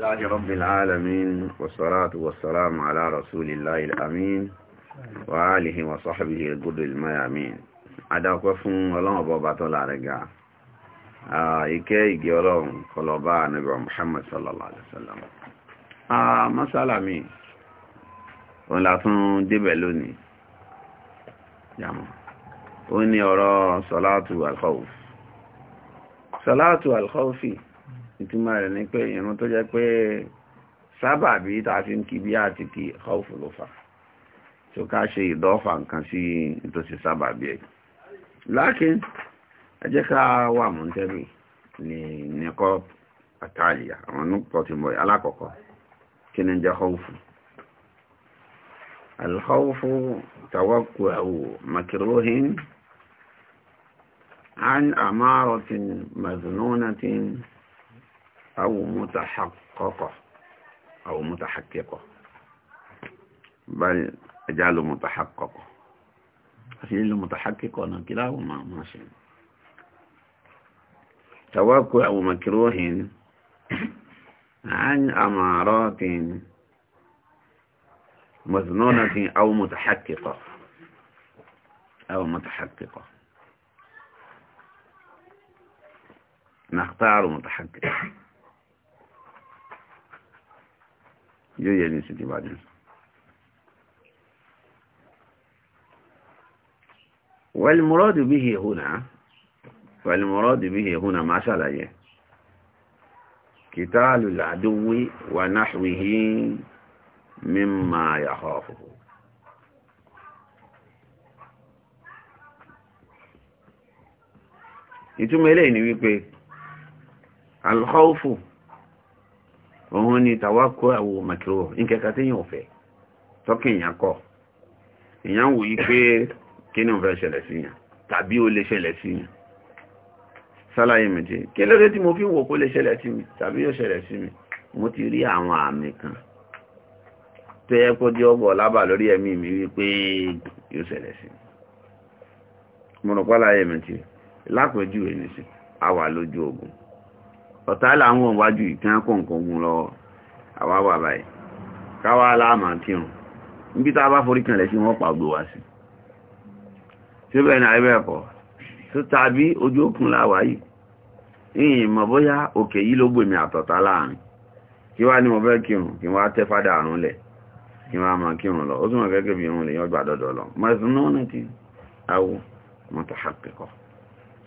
الله رب العالمين والصلاة والسلام على رسول الله الأمين وآله وصحبه الجد الميامين أدعوك فن الله بابا طلع رجع ike igi ọlọ́run kọlọba ànàbà Muhammad sallallahu alaihi wasallam a masala mi òun látún débẹ̀ lónìí yàmọ̀ ó ní ọ̀rọ̀ salatu alkhawf salatu alkhawfi ìtumọ̀ rẹ̀ ní pé ìrun tó jẹ́ pé sábàbí tá fi ń kí bí àti kí ọ́fù ló fà tó ká ṣe ìdọ́fà nǹkan sí ìtòsí sábàbí ẹ̀ lákín ẹ jẹ́ ká wà mú tẹ́lẹ̀ ní nìkọ́ àtàlìyà àwọn nùpọ̀ tí mo yà alákọ̀ọ́kọ́ kí ni jẹ́ ọ́fù الخوف توقع مكروه عن أمارة مذنونة أو متحققة أو متحققة بل اجعله متحققة فعل متحقق أنا كلاهما ماشي توقع مكروه عن أمارات مظنونة أو متحققة أو متحققة نختار متحققة yóò yẹ ní sìtì ìbàdàn. wàlmùrọ́dù bí i hùnà wàlmùrọ́dù bí i hùnà máa ṣàlàyé kìtàlù làdúwí wà náhùwìhí mímà yàhọ́fù ìtumọ̀ eléyìí ni wípé alkhawfu òun ni tàwákọ́ àwò màkìrò nkẹta tí yàn fẹ́ tọ́kì ni òun fẹ́ ṣẹlẹ̀ sí yàn tàbí ó lè ṣẹlẹ̀ sí yàn sálàyé méje kí lóde tí mo fi wò kó lè ṣẹlẹ̀ sí mi tàbí yóò ṣẹlẹ̀ sí mi mo ti rí àwọn àmì kan tó yẹ kó di ọgbọ̀ lábà lórí ẹ̀mí mi wípé yóò ṣẹlẹ̀ sí mo rò lápẹjú ènìyàn a lójú ogun ọ̀tá làwọn wájú ìtàn kọ̀ǹkan ogun lọ́wọ́ àwa wà báyìí káwá láàmà kírun níbi tá a bá forí kan lẹ̀ sí wọ́n pàgbò wá sí tí ó bẹ̀rẹ̀ àríwẹ̀ ẹ̀kọ́ tó tàbí ojú òkun láwà yìí ìyìn mọ̀ bóyá òkè yìí ló gbèmí àtọ̀tá láàrin kí wá ní mo fẹ́ kírun kí wá tẹ́ fádà àrùn lẹ̀ kí wá máa kírun lọ ó túnmọ̀ gẹ́gẹ́ bí irun lèyàn gbà dọ́dọ̀ lọ mọ̀ ẹ̀sùn náà ní ti awo mọ̀tàhàpẹ̀kọ̀ọ́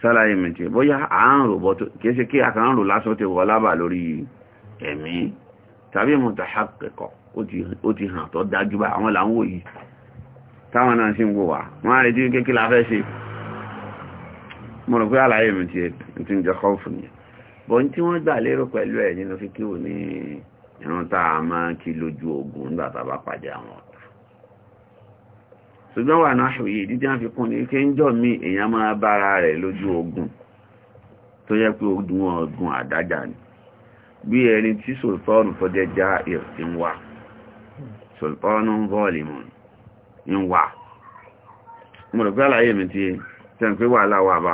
sálàyé mìtì bóyá à ń rò bọ́ tó kìí ṣe kí a kàn ń rò lásán ti wọ́ lábà lórí ẹ̀mí tàbí mutahaqqiqo ó ti hàn tó dájú bá àwọn làwọn wò yìí táwọn náà sì ń wò wá wọ́n á retí kékeré la fẹ́ ṣe mo rò pé àlàyé mìtì ti tí wọ́n gbà lérò ṣùgbọ́n wà náà ṣòye dídí àfi kún ní kí ń jọ mí èèyàn máa bára rẹ̀ lójú ogun tó yẹ pé ogun ọ̀gùn àdájà ni bí ẹni tí sultanu fọ́jẹ́ já ìrìn wà sultanu bọ́ọ̀lìmù ń wà mo pé àlàyé mi ti tẹ́n pé wàhálà wà bá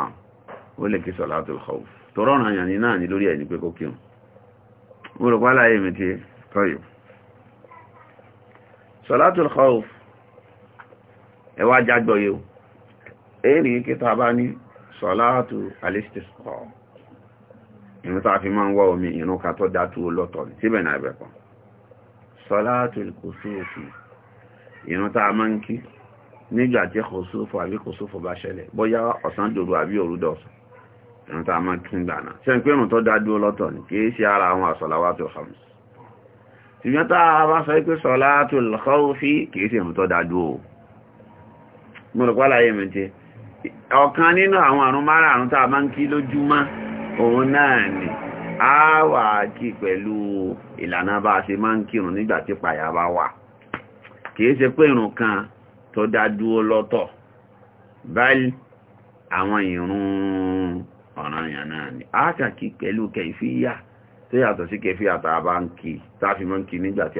ó lè kí salatul khawf tọrọ ọ̀nà àyàn ní náà ní lórí ẹni pé kó kírun mo pé àlàyé mi ti tọ́yọ̀ salatul khawf ẹwà jágbọ́ yóò èrì kíta bá ní sọ́látù alistisqa inú tàà fi máa ń wá omi inú ka tó dátú lọ́tọ̀ ní síbẹ̀ náà ẹ̀bẹ̀ kan sọ́látù kùsùfù inú tàà máa ń kí nígbà tí kùsùfù àbí kùsùfù bá ṣẹlẹ̀ bóyá ọ̀sán dòdò àbí òru dọ̀sán inú tàà máa tún gbàna ṣe mọ̀lọ̀pọ̀ àlàyé mẹ́tẹ́ ọ̀kan nínú àwọn àrùn márààrún tá a máa ń kí òun náà ni a wà kí pẹ̀lú ìlànà bá a ṣe máa ń kírun nígbà tí pàyà bá wà kìí ṣe pé kan tó dá lọ́tọ̀ báyìí àwọn a kà kí pẹ̀lú kẹfíyà tó yàtọ̀ sí kẹfíyà bá ń kí fi máa ń kí nígbà tí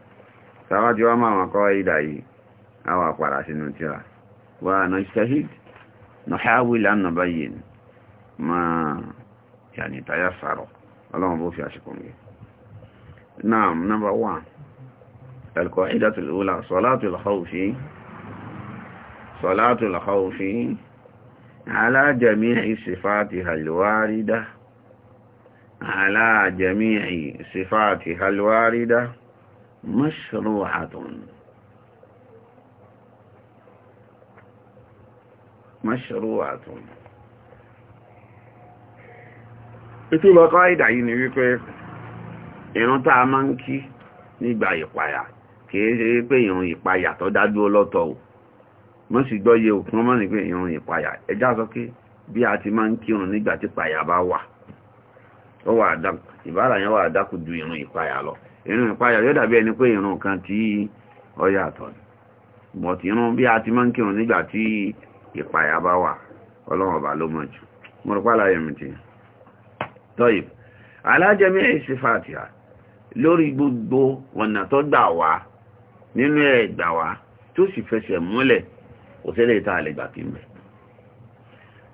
sáwájú wá máa kọ́ ìdà yìí àwọn àpàrà sínú tíra wà náà ìṣẹ́hìd nọ̀háwìlì annàbáyé máa yànìtàyà sàrọ̀ ọlọ́run bó fi àṣìkò mi náà number one القاعدة الأولى صلاة الخوف صلاة الخوف على جميع صفاتها الواردة على جميع صفاتها الواردة مشروعة مشروعة ìtúlọ̀ kọ́ìdà yìí ni wípé ìrun tá a máa ń kí nígbà ìpayà kìí ṣe wípé ìrun ìpayà tó dájú ọlọ́tọ̀ ò mọ́ sì gbọ́yé òkun mọ́ ní pé ìpayà ẹjá sọ pé bí a ti máa ń kírun nígbà tí ìpayà bá wà ìbára yẹn wà lọ irun ìpayà yóò dàbí ẹni pé irun kan tí ó yàtọ̀ bọ̀tí irun bí a ti máa ń kírun nígbà tí ìpayà bá wà ọlọ́run ọba ló mọ̀ jù mo pàlàyé mi ti tọ́yì alájẹmí ẹ̀sìn gbogbo ọ̀nà tó gbà wá nínú egbawa wá tó sì fẹsẹ̀ múlẹ̀ kò sẹ́lẹ̀ ìta àlẹ́gbà kí n bẹ̀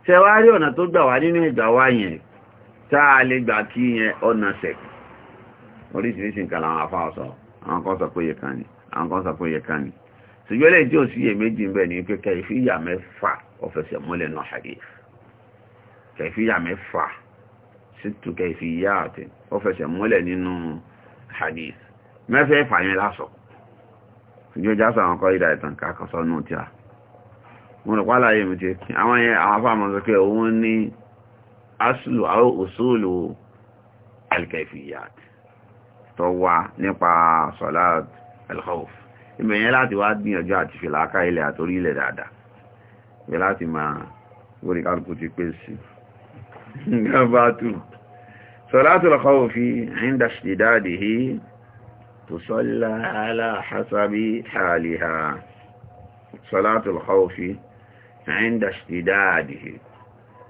ṣẹwárí ọ̀nà tó gbà wá nínú ẹ̀gbà wá yẹn tá a lè gbà oríṣiríṣi nǹkan làwọn afá ọ̀sọ̀ àwọn kan sọ pé yẹ kan ni àwọn kan sọ pé yẹ kan ni ṣùgbọ́n lè jẹ́ òsì iyèméjì ń bẹ̀ ní pé kẹfíyà mẹ́fà ọ̀fẹsẹ̀ múlẹ̀ náà hadith kẹfíyà mẹ́fà sítú kẹfíyà àti ọ̀fẹsẹ̀ múlẹ̀ nínú hadith mẹ́fẹ̀ẹ́fà yẹn lásọ̀ ṣùgbọ́n jásọ àwọn kọ́ ìdá ìtàn kákọ́sọ́ nù tíà mo rò pálá yìí mi ti àwọn yẹn àwọn afá mọ̀ sọ òun ní tó wà nípa salat al-khawf ìbẹ̀yẹn láti wá gbìyànjú àti fìlàkà ilẹ̀ àtorí ilẹ̀ dáadáa ìbẹ̀ láti máa orí kálukú ti pé sí صلاة الخوف عند اشتداده تصلى على حسب حالها صلاة الخوف عند اشتداده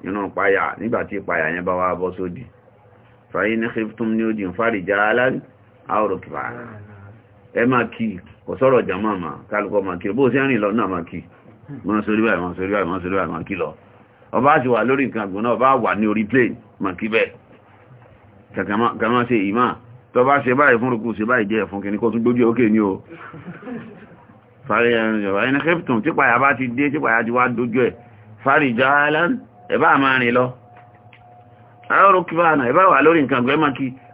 inú páyà nígbàtí páyà yẹn bá wá bọ́ sódì fàyí ní kíftún ní ó dì ń fàrí jàálàrí àwòrán bàánà ẹ máa kí kò sọ̀rọ̀ jàmọ́ àmà kálukọ́ máa kí bó ṣe rìn lọ náà máa kí máa sórí báyìí máa sórí báyìí máa sórí báyìí máa kí lọ ọba àti wà lórí nǹkan àgbọ̀n náà ọba wà ní orí plane máa kí bẹ́ẹ̀ kàkàmá ṣe ìmá tó bá ṣe báyìí fún rukú ṣe báyìí jẹ́ fún kìnníkọ́ tún gbójú òkè ní o fàrí ẹ̀rọ ẹni kẹfìtùn tí pàyà bá ti dé tí pàyà ti wá dójú ẹ̀ fàrí ìjọ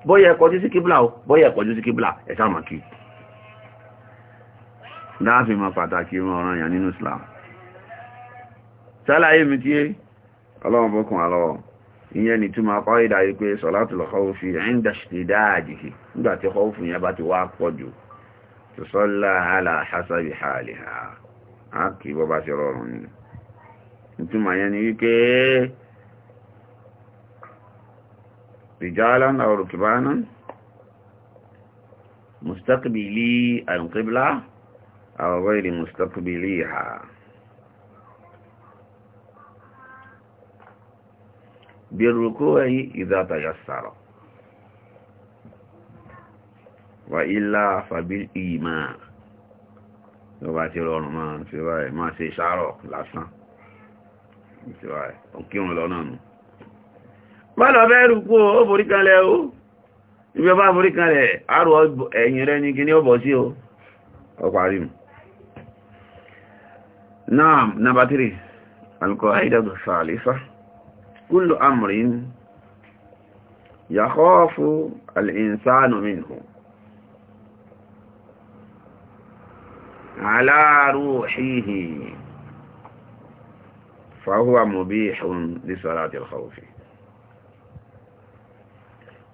bóyá ẹ kọjú sí kíbla o bóyá ẹ kọjú sí kíbla ẹ sáà màkì láàfin ma pàtàkì ìran ọ̀ràn yà nínú Islam sálàyé mi tí ọlọ́run bókun alọ́wọ́ ìyẹn ni túnmọ̀ akọ́ ìdá yìí pé salatul khawfi inda shidadihi رجالا أو ركبانا مستقبلي القبلة أو غير مستقبليها بالركوع إذا تيسر وإلا فبالإيمان yọba ti rọrùn máa ṣe báyìí máa ṣe ṣàárọ̀ lásán ṣe bọ́lọ̀ bẹ́ rúkú ó forí kanlẹ̀ ó ibi ọba forí kanlẹ̀ àrò ẹ̀yìn rẹ̀ ní kí ní ó bọ̀ sí ó ọparí mú náà nàbà tírì alùkọ̀ àìdàgbà sàálẹ́sà kúlù amrin yàkọ́ọ̀fù al'insanu minhu ala ruhihi fahuwa mubihun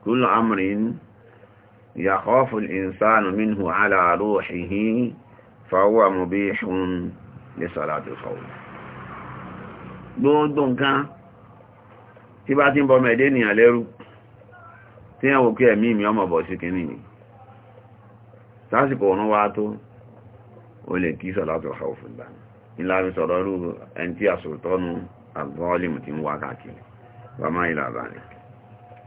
كل أمر يخاف الإنسان منه على روحه فهو مبيح لصلاة الخوف gbogbo nǹkan tí bá ti ń bọ́ mẹ́dé ní àlẹ́rú tí yẹn wò kí ẹ̀mí mi ọmọ bọ̀ sí kìíní ni lásìkò ọ̀run wá tó o lè kí sọ̀látọ̀ ọ̀fún ìgbà ìlàrí sọ̀rọ̀ rú ẹni tí àsòtọ́nu àgbọ́ọ̀lìmù ti ń wá káàkiri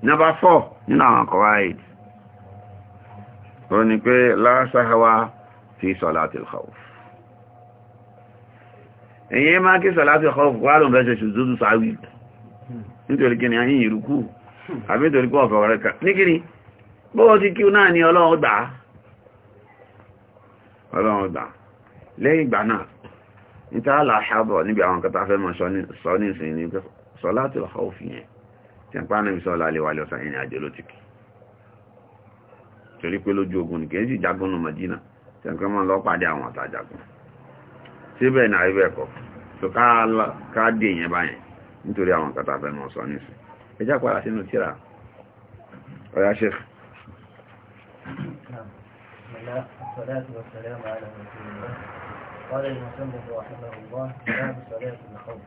number four nínú àwọn kọ̀wáìd ó ní pé lásáhàwá fi salatil khawf èyí máa kí salatil khawf wà lóun fẹ́ ṣe ṣùdúdú sáwì nítorí kí ni a yìí rúkú àbí nítorí kí ọ̀fẹ́ ọ̀rẹ́ kan níkiri bóò ti kí náà ni ọlọ́run gbà ọlọ́run gbà lẹ́yìn ìgbà náà tí a ń pàánà ìṣọ́ lálẹ́ wà lọ́sàn torí pé lójú ogun ní kìí jagun nù Madina tí a ń àwọn ọ̀tá síbẹ̀ náà ibẹ̀ kọ̀ tó ká dé n'isu báyẹn nítorí àwọn kàtà fẹ́ sọ قال المسلم رحمه الله باب الخوف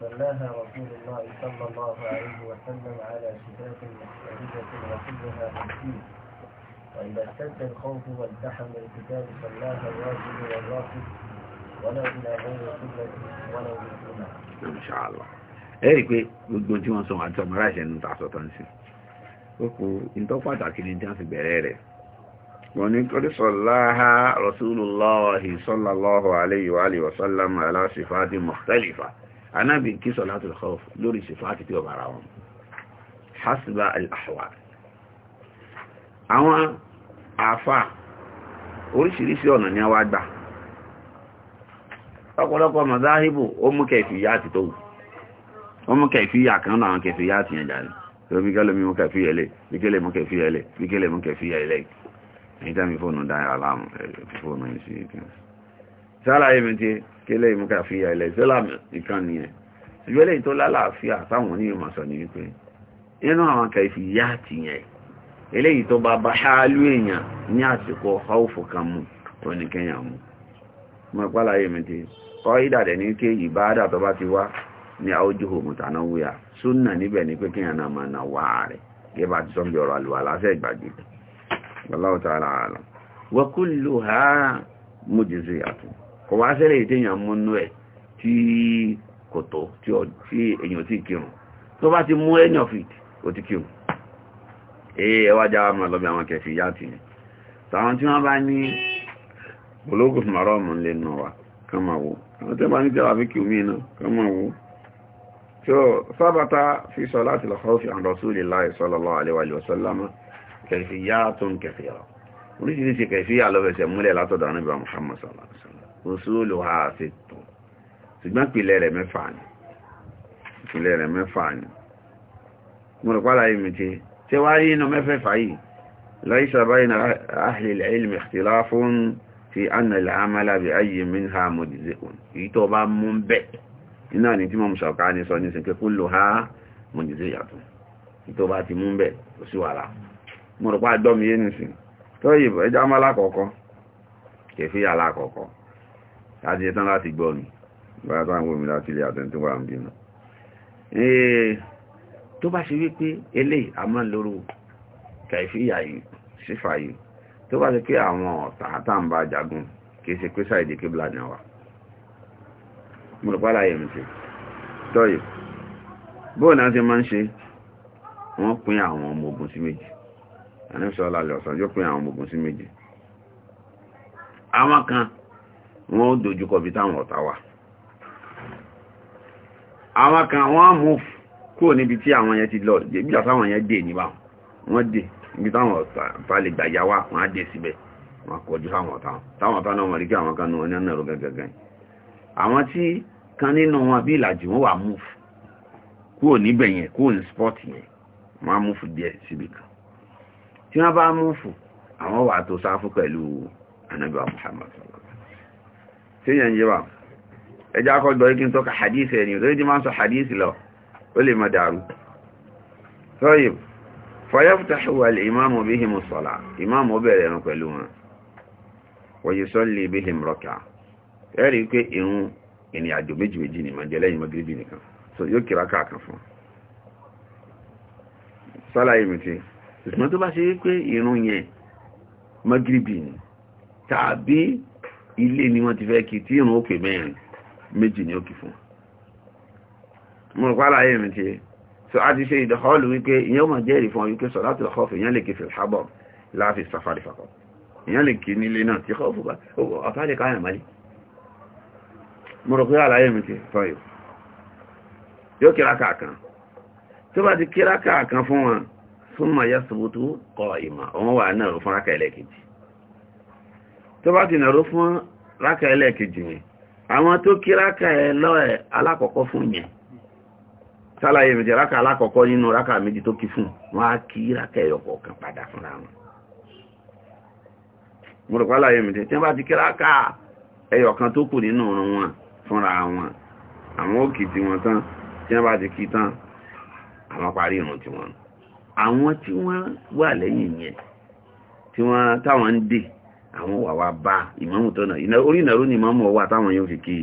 صلاها رسول الله صلى الله عليه وسلم على شتات مختلفة وكلها تكفير وإذا اشتد الخوف والتحم الكتاب صلاها الواجب والراكب ولو إلى غير قبلة ولو بالسنة. إن شاء الله. ẹ̀rí pé gbogbo tí wọ́n sọ àti ọmọ aráàṣẹ nínú tàṣọ tó ń sìn ó kú ìtọ́ pàtàkì ní tí wọ́n fi bẹ̀rẹ̀ rẹ̀ wọ́n ní kọ́dí sọ̀láha Rasulullahi sallallahu alayhi wa sallam ala sifati mukhtalifa anábì kí salatul khawf lórí ìṣẹ̀fà àti tí ọ̀bàrà wọn hasba al-ahwa àwọn àfà oríṣiríṣi ọ̀nà ni a wá gbà ọ̀pọ̀lọpọ̀ mazahibu ó mú kẹfìyà àti tó ó mú kẹfìyà kan náà àwọn kẹfìyà àti yẹn jáde lórí kẹ́lẹ̀ mú kẹfìyà ẹlẹ́ bíkẹ́lẹ̀ mú kẹfìyà ẹlẹ́ bíkẹ́lẹ̀ mú kẹfìyà ẹlẹ́ èyí tẹ́mi fóònù dáyà aláàmù kílẹ̀ ka fi ilẹ̀ ikan nìkan nìyẹn ṣùgbọ́n lẹ́yìn tó lálàáfíà táwọn onímọ̀ sọ ní wípé inú àwọn kẹfì yá ti yẹn eléyìí tó bá bá ṣáálú èèyàn ní àsìkò kan mú oníkẹyàn mú mi ti kọ́ ní tó bá ti wá ní àwójúhò súnà níbẹ̀ ní pé náà máa gẹ́gẹ́ bá ti sọ́bí ọ̀rọ̀ àlùwà láṣẹ́ ìgbàgbé wallahu ta'ala kò wá sẹ́lẹ̀ ìtẹ́yàn múnú ẹ̀ tí kò tó tí èyàn ti kírun tó bá ti mú any of it ó ti kírun ee ẹwà jáwà máa lọ́bí àwọn kẹfì yá ti ní tàwọn tí wọ́n bá ní ológun mọ̀rọ̀ mọ̀ lẹ́nu wa kán máa sallallahu alaihi wa sallam kẹfì yá tó ń kẹfì yá oríṣiríṣi kẹfì yá lọ́fẹsẹ̀ múlẹ̀ látọ̀dọ̀ àníbà Muhammad sallallahu sallam òṣòlò àti tó ṣùgbọ́n ìpìlẹ̀ rẹ̀ mẹ́fà ni ìpìlẹ̀ rẹ̀ mẹ́fà ni mo rò pàdà yìí mi ti ṣe wá rí inú mẹ́fẹ̀ẹ̀fà yìí ليس بين أهل العلم اختلاف في أن العمل بأي منها مجزئ ìtọ́ba mú bẹ́ẹ̀ iná ni tí mọ́mù ṣọ̀ká ní sọ ní sin pé kulluha mujzi'atun ìtọ́ba ti mú bẹ́ẹ̀ kò sí wàrà mo rò pá gbọ́mìyé nìsìn tó yìí ẹjá mọ́ lákọ̀ọ́kọ́ kẹfíyà lákọ̀ọ́kọ́ àti ẹ̀tàn láti gbọ́ ni báyá tó àwọn òmìnira sílé àtẹ́ tó wà ń bínú tó bá ṣe wípé eléyìí a máa lóró kàìfíyà yìí sífà yìí tó bá ṣe pé àwọn ọ̀tà àtàǹbà jagun kìí ṣe pé sáìdì kíbla ni wà mo rò pálá yẹn ti tọ́yì bóò àwọn kan wọ́n ó dojúkọ bí táwọn ọ̀tá wà àwọn kan wọ́n mú kúrò níbi tí àwọn yẹn ti lọ bí àtàwọn yẹn dè níbà wọ́n dè níbi táwọn ọ̀tá lè gbà yá wá wọ́n á dè síbẹ̀ wọ́n kọjú fáwọn ọ̀tá táwọn ọ̀tá náà wọ́n rí kí àwọn kan náà ní ọ̀nà ẹ̀rọ wọ́n ní spọ́ọ̀tì yẹn Muhammad sinyan jiba e ja ko do yikin to ka hadisi ni do yidi man so hadisi lo wole ma daru tayib fa yaftahu al imam bihim as sala imam o bere no pelu ma wa yusalli bihim rak'a eri ke irun ini ajo meji meji ni ma jele yin magribi ni kan so yo kira ka kan fun sala imiti ismo to ba se pe irun yen magribi ni tabi ilé ni wọ́n ti fẹ́ kí tí ìrùn òkè mẹ́rin méjì ní òkè fún mo rò ayé mi ti so a ti ṣe ìdọ̀họ́lù wípé ìyẹn mọ̀ jẹ́rìí fún wípé sọ̀látù ọ̀họ́fù ìyẹn lè kí fi sábọ̀ láàfi safari fakọ̀ ìyẹn lè kí nílé náà tí ọ̀fù bá ọ̀tá lè káyàn málé mo rò pé àlàyé mi ti tọ́yọ̀ yóò kíra kàkan tó bá ti kíra kàkan fún wọn tó bá ti nàró fún rákà ẹlẹ́ẹ̀kejì yẹn àwọn tó kí rákà ẹ lọ́ẹ̀ alákọ̀ọ́kọ́ fún yẹn sálàyé méjì rákà alákọ̀ọ́kọ́ nínú rákà méjì tó kí fún wọn á kí rákà ẹyọkọ̀ kan padà fúnra wọn mo rò pálàyé méjì tí wọ́n bá ti kí rákà ẹyọkan tó kù nínú ọ̀run wọn àwọn tí wọ́n wà lẹ́yìn yẹn tí wọ́n táwọn ń dè àwọn wà wá bá ìmáàmù tó náà orí ìnàró ni ìmáàmù ọwọ́ àtàwọn yóò fi kí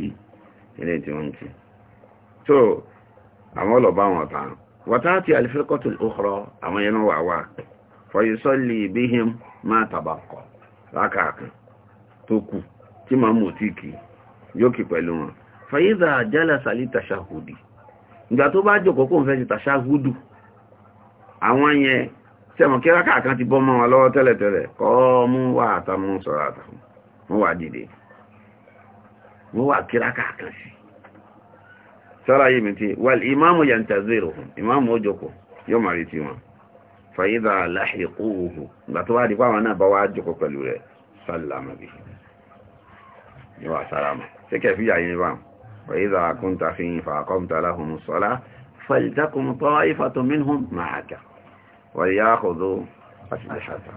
ilé tí wọ́n ń kí àwọn ọlọ́bá wọn ta wọ́tá ti alifẹ́kọ́tù òkúrọ àwọn yẹn wà wá fọyísọ́lì bíhìm máa tàbàkọ̀ lákàkàn tó kù tí ìmáàmù tí kì yóò kì pẹ̀lú wọn fàyíza jẹ́lẹ̀ sàlí tàṣàhùdì ìgbà tó bá jòkó kó ń fẹ́ ti tàṣàhùdù àwọn yẹn sẹ́mọ̀ kí rákà kan ti bọ́ mọ́ wọn lọ́wọ́ tẹ́lẹ̀tẹ́lẹ̀ kọ́ mú wà àtàmú sọ̀rọ̀ àtàmú mú wà dìde mú wà kí rákà kan sí sọ́rọ̀ yìí mi ti wàl ìmáàmù yantazero ìmáàmù ojoko yóò máa retí wọn fàyídà láhìkú òhù ìgbà tó wá di fáwọn náà bá wá jòkó pẹ̀lú rẹ̀ sálámà bí yóò wà sálámà ṣé kẹfí yà yín báwọn fàyídà kúntà fi yín fàkọ́mtà láhùn sọ́lá fàlìtàkùn tọ́ ìfàtọ̀ mìíràn máa kà wàyáhùdó àṣìlẹ̀ṣàtà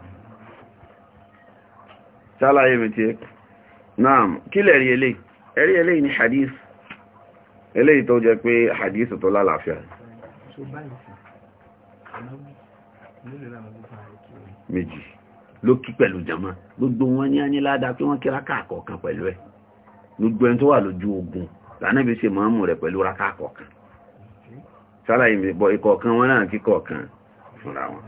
sálàyé mi tí náà kí lẹ̀rí elé ẹ̀rí elé ní hadith elé tó jẹ́ pé hadith tó lálàáfíà méjì ló kí pẹ̀lú jama gbogbo wọn ní ányí ládá pé wọ́n kíra káàkọ̀ọ̀kan pẹ̀lú ẹ̀ gbogbo ẹni tó wà lójú ogun lánàbí ṣe mọ́mù rẹ̀ pẹ̀lú rákàkọ̀ọ̀kan sálàyé mi bọ̀ ikọ̀ọ̀kan wọn náà kíkọ̀ọ̀kan fúnra wọn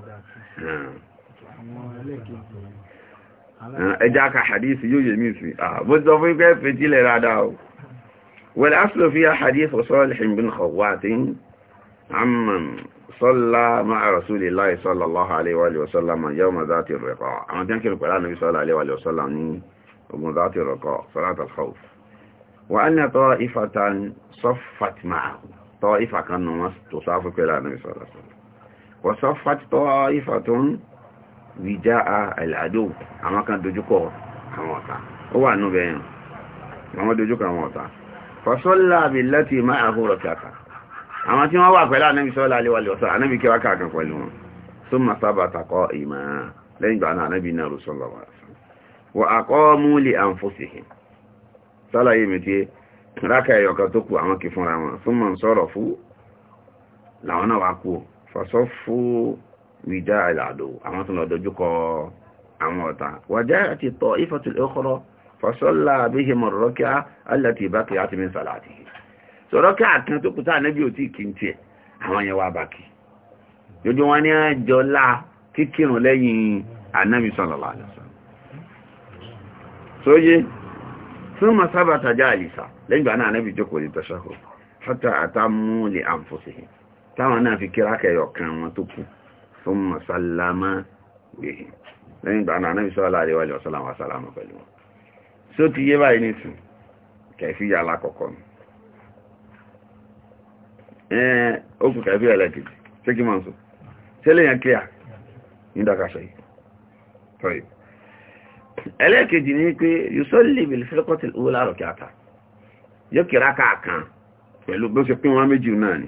ẹjá ka hadithi yóò yẹ mí sí bó ah, sọ fún ikẹ́ fètílẹ̀ rádá o wẹ̀lẹ̀ asìlò fi hadith sọ́lẹ̀hìn bin kọwàtín amman sọ́lá ma'a rasulillahi sallallahu alaihi wa sallam yau ma za ti rẹ̀kọ́ àwọn tán kiri pẹ̀lá nabi sallallahu alaihi wa sallam ní ogun za ti rẹ̀kọ́ salat al-khawf wa an na ta'ifatan saffat ma'a ta'ifa kan nuna to safi pẹ̀lá nabi sallallahu وصفت طائفة وجاء العدو اما كان دوجوكو اموتا هو انو بين اما دوجوكو اموتا فصلى بالتي معه ركعتا اما تي ما وا pẹ̀lú Ànábì sallallahu alaihi wa sallam Ànábì kí wá ka kan pẹ̀lú wọn ثم ثبت قائما لين بان Ànábì na sallallahu alaihi wa sallam wa aqamu li anfusihim sala yimiti ثم انصرفوا la wana wa fàṣọ́fù wìdá àlàdò àwọn tó lọ dojúkọ àwọn ọ̀tá wàjá àti tọ́ ìfàtúlẹ̀ ọkọ̀rọ̀ fàṣọ́lá àbíhìmọ̀ rọ́kíá alẹ́tì ìbákí àti mi sàlàtì so rọ́kíá kan tó kúta níbi òtí kìntì àwọn yẹn wá bákì jojú wọn ní àjọlá kíkírun lẹ́yìn anábì sọ̀lọ̀lá sóyé fún masábàtà jáàlìsà lẹ́yìn gbà náà anábì jókòó lè tọ́ṣọ́kọ̀ hátà àtàmú lè àǹfọ́sìhìn táwọn náà fi kíra kẹyọ kan wọn tó kù fún mọ̀sálámá gbèhìn lẹ́yìn ìgbà náà náà sọ́lá àríwá ilẹ̀ ọ̀sọ́láwà sálámà pẹ̀lú wọn só ti yé báyìí nìsù kẹfíyà alákọ̀ọ́kọ́ mi ẹ̀ẹ́ ó kù kẹfíyà ẹlẹ́kejì ṣé kí máa ń sọ tẹ́lẹ̀ yẹn kíá ní dákàṣẹ́ yìí ẹlẹ́kejì ní pé pẹ̀lú bó ṣe pín wọn méjì náà ni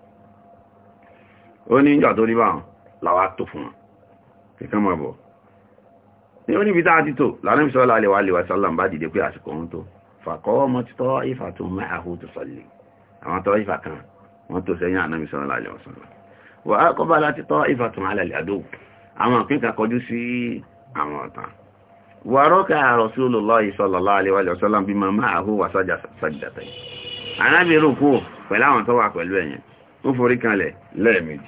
ó ní ìjọ tó rí báwọn làwà tó fún wọn kìkan mọ̀ bọ̀ ní ó níbi táà títò lánàá fi sọ́lá àlewà àlewà sálàm bá dìde pé àsìkò ohun tó fàkọ́ ọmọ títọ́ ìfà tó mẹ́ àhó tó sọlẹ̀ àwọn tọ́ ìfà kan wọ́n tó sẹ́yìn àná fi sọ́lá àlewà sálàm wà á kọ́ bá láti tọ́ ìfà tó máa lálẹ́ àdó àwọn òpin kan kọjú sí kú pẹ̀lú àwọn tó wà pẹ̀lú ẹ̀yìn ó forí kanlẹ̀ lẹ́ẹ̀mejì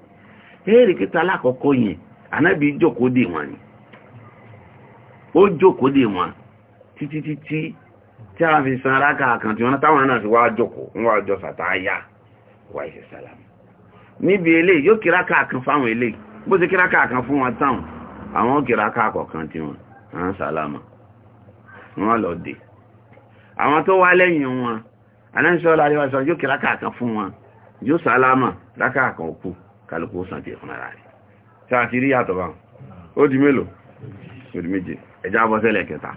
béèrè kíta alákọ̀ọ́kọ́ yẹn anábì jókòó dè wọn ni ó jókòó dè wọn títí títí tí a fi san aráka kan tí wọ́n táwọn náà fi wá jókòó wọ́n wá jọ sàtáyà wà ìṣẹ́ sálàmù níbi eléyìí yóò kíra káàkan fáwọn eléyìí bó ti kíra káàkan fún wọn táwọn àwọn kíra káàkọ̀kan tí wọn à ń sàlámà wọn lọ dé àwọn tó wá lẹ́yìn wọn aláìsọ́lá àríwá sọ yóò kíra káàkan fún wọn yóò sàlámà lákàkàn òkú kálukú sàn tiẹ̀ fúnra rẹ̀ tí a ti rí yàtọ̀ bá ó di mélòó ó di méje ẹja abọ́sẹ́lẹ̀ kẹta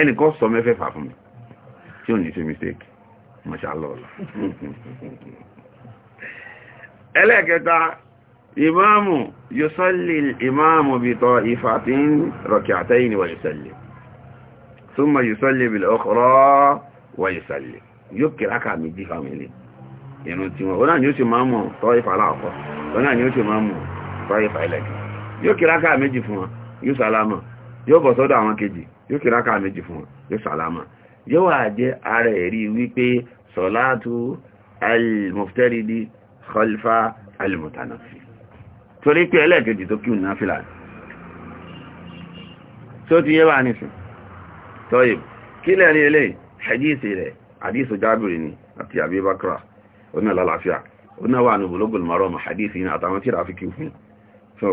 ẹnìkan sọ mẹ́fẹ̀fà fún mi tí ò ní ṣe mistake mọ́ṣálọ́ọ̀lá ẹlẹ́ẹ̀kẹta ìmáàmù yusalli ìmáàmù bí tọ ìfàtín rak'atayn wa yusalli thumma yusalli bil ukhra wa yusalli yóò kìrákà méjì fáwọn ilé irun tiwọn ó náà ni ó sì máa mọ̀ tọ́ ìfà aláàkọ́ ó náà ni ó sì máa mọ̀ tọ́ ìfà ẹlẹ́kẹ̀ yóò kí rákà méjì fún wọn yóò sálámà yóò bọ̀ sọ́dọ̀ àwọn kejì yóò kí rákà méjì fún wọn yóò sálámà yóò wà jẹ́ ara ẹ̀rí wípé sọ̀látù al-muftaridi khalfa al-mutanafi torí pé ẹlẹ́kejì tó kíùn náà fìlà tó ti yé bá nìsín tọ́yìn kí lẹ́rin eléyìí hadisi oní àlàáfíà oní àwọn ànúbò lógún márọ̀ mọ̀ hadith yìí àtàwọn tíra fi kí fún so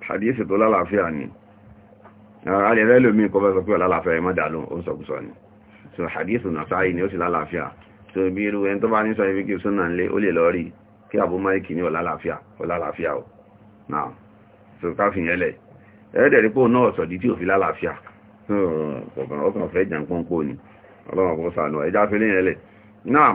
hadith tó lálàáfíà ni alẹ́rẹ́ lómi kọ́ fẹ́ sọ pé lálàáfíà ẹ má dàlú ó sọkúsọ ni so hadith nà sáyé ni ó sì lálàáfíà so bí irú ẹni tó bá ní sọ ibi kí súnà ńlé ó lè lọ rí kí àbú máìkì ní ọ̀lálàáfíà ọ̀lálàáfíà ò náà so káfíń yẹlẹ̀ ẹ̀ẹ́dẹ̀rí pò náà sọ̀dí tí ò fi lálàáfíà ọkàn ọ̀fẹ́ jàǹpọ̀ǹpọ̀ ni ọlọ́run kò sànù fi léyìn ẹlẹ̀ náà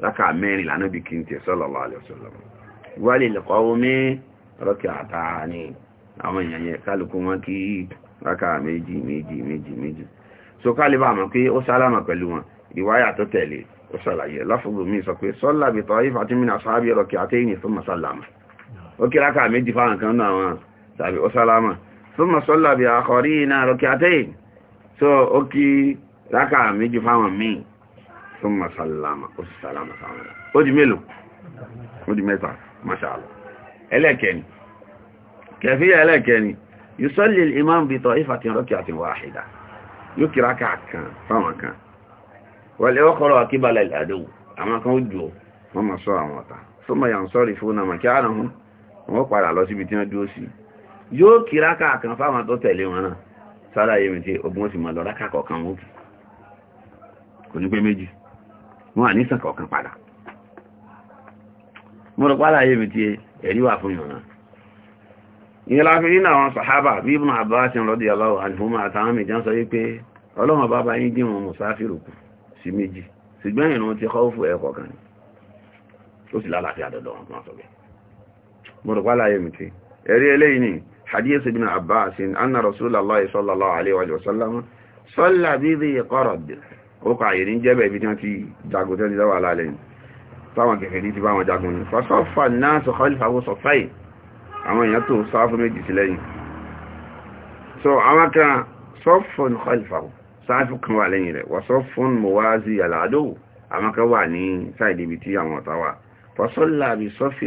rákà mẹ́rin lànà bí kí n tẹ̀ sallallahu alaihi wasallam wálé lẹ́kọ́ omi rọ́kì àtà ni àwọn èèyàn yẹn kálukú wọn kí rákà méjì méjì méjì méjì so kálíbà mọ̀ pé ó sálámà pẹ̀lú wọn ìwáyà tó tẹ̀lé ó sàlàyé láfúgbò mi sọ pé sọ́lá bi ta'ifatin min ashabi rọ́kì àtẹ́yìn thumma sallama ó kí rákà méjì fáwọn kan náà wọn tó ma sàlámà ó sì sàlámà sàlámà ó di mélòó ó di mẹ́ta mashallah ẹlẹ́kẹni kẹfíyà ẹlẹ́kẹni yusalli al-imam bi ta'ifatin rak'atin wahida yóò kìrá kàkan fáwọn kan wal ukhra qibala al-aduw àwọn kan ó jù wọ́n ma sọ àwọn ọ̀tá thumma yansarifuna makanahum wọ́n padà lọ síbi tí wọ́n dúró sí yóò kìrá kàkan fáwọn tó tẹ̀lé wọn náà sára yẹ́mi tí ogun ó sì mọ̀ lọ rákàkọ̀ọ̀kan mú kò ní pé méjì wọn à ní sàn kọ̀ọ̀kan padà mo rọ̀ pàdà yìí ti ẹ̀rí wà fún ìrànà ìyẹn láfi nínú àwọn sàhábà bí Ibn Abbas radiyallahu anhuma àtàwọn mìíràn sọ wípé ọlọ́run bá bá yín dí wọn mùsáfìrù kù sí méjì ṣùgbọ́n ìrun ti kọ́ fún ẹ̀kọ́ kan ni ó sì lálàáfíà dọ̀dọ̀ wọn máa sọ bẹ́ẹ̀ mo rọ̀ pàdà yìí ti ẹ̀rí eléyìí ni hadith Ibn Abbas anna Rasulullah sallallahu alaihi wa sallam salla bi dhi qarad ó kà àyè ní jẹ́bẹ̀ ibi tí wọ́n ti jagun tí wọ́n ti dáwà lálẹ́ táwọn kẹfẹ́ ní ti bá wọn jagun ní fasọ́fà náà sọ kọlífàwó sọfáì àwọn èèyàn tó sáfù méjì sí lẹ́yìn so àwọn kan sọ́fún kọlífàwó sáfù kan wà lẹ́yìn rẹ̀ wọ́n sọ́fún mọ̀wáàzí àlàádó àwọn kan wà ní sáìdì ibi tí àwọn ọ̀tá wà fasọ́lá bí sọ́fì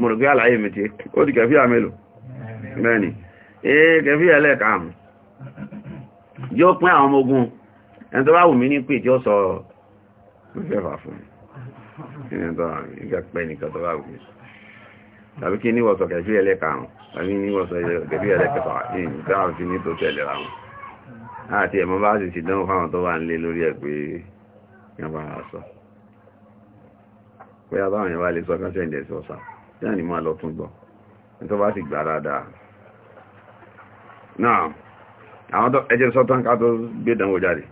mo rò pé àlàyé mi ti ó di kẹfíà mélòó mẹ́ni ee kẹfíà ẹlẹ́ẹ̀karùn yóò pín àwọn ọmọ ogun ẹni tó bá wù mí ní pè tí ó sọ fẹ́fà fún ẹni tó ìgbàpẹ́ nìkan tó bá wù mí tàbí kí ní wọ́sọ̀ kẹfíà ẹlẹ́ẹ̀karùn tàbí ní wọ́sọ̀ kẹfíà ẹlẹ́ẹ̀kẹfà ní ìtàwọn fi ní tó tẹ̀lé ra wọn àti ẹ̀mọ́ bá sì ti dánwò fáwọn tó wà ń lé lórí ẹ̀ pé yẹn bá sọ pé abáwọn yẹn wá yáà ní máa lọ tún gbọ́ tó bá sì gbà dáadáa náà àwọn ẹjẹ́ sọ́tán ká tó gbé dánwò jáde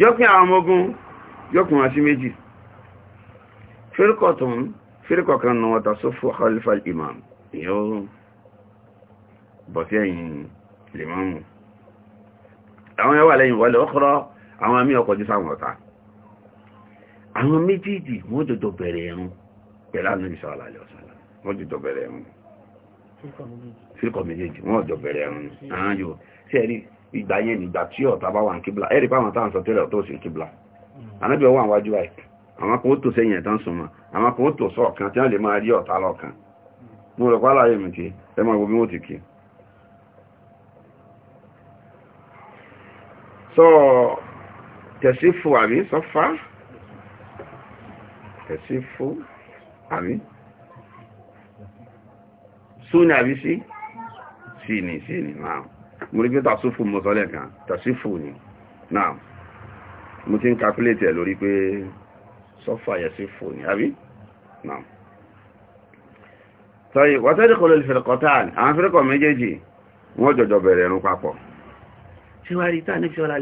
yọ́pín àwọn ọmọ ogun yọ́pín wọn sí méjì fírkọ̀tún fírkọ̀kan náà wọ́ta sófò khalifa imam yóò bọ̀ sí ẹ̀yìn limamu àwọn yọ́wà lẹ́yìn wọlé ọkọ̀rọ̀ àwọn amí ọkọ̀ jí sáwọn àwọn méjì pẹ̀lá ní ìṣọ́lá àlẹ́ọ̀sọ́lá wọ́n jù jọbẹ̀rẹ̀ ẹ̀mù fíkọ̀ méjèèjì wọ́n jọbẹ̀rẹ̀ ẹ̀mù àwọn yóò sí ẹ̀rí ìgbà yẹn nígbà tí ọ̀tá bá wà ní kíbla ẹ̀rí páwọn táwọn sọ tẹ́lẹ̀ ọ̀tọ́ sí kíbla anábì mm. ọwọ́ àwọn wájú àìk àwọn kan ó tò sẹ́yìn ẹ̀tàn súnmọ́ àwọn kan ó tò sọ ọ̀kan tí wọ́n lè máa rí ọ̀tá lọ́kan mo rọ̀ pálá yẹn mi ti ẹ máa wo bí wọ́n ti kí so àbí súnì àbí sí sí ni sí ni náà mo rí pé tàṣífù mo sọ lẹ́ẹ̀kan tàṣífù ni náà mo ti ń calculate ẹ̀ lórí pé sọ́fà yẹ sí fò ní àbí náà sọ́yí wàtẹ́dì kọlọ̀ ìfẹ̀lẹ̀kọ̀tàn àwọn fẹ́lẹ̀kọ̀ méjèèjì wọ́n jọjọ bẹ̀rẹ̀ ẹ̀rùn papọ̀ síwárí tánìfẹ́ ọlá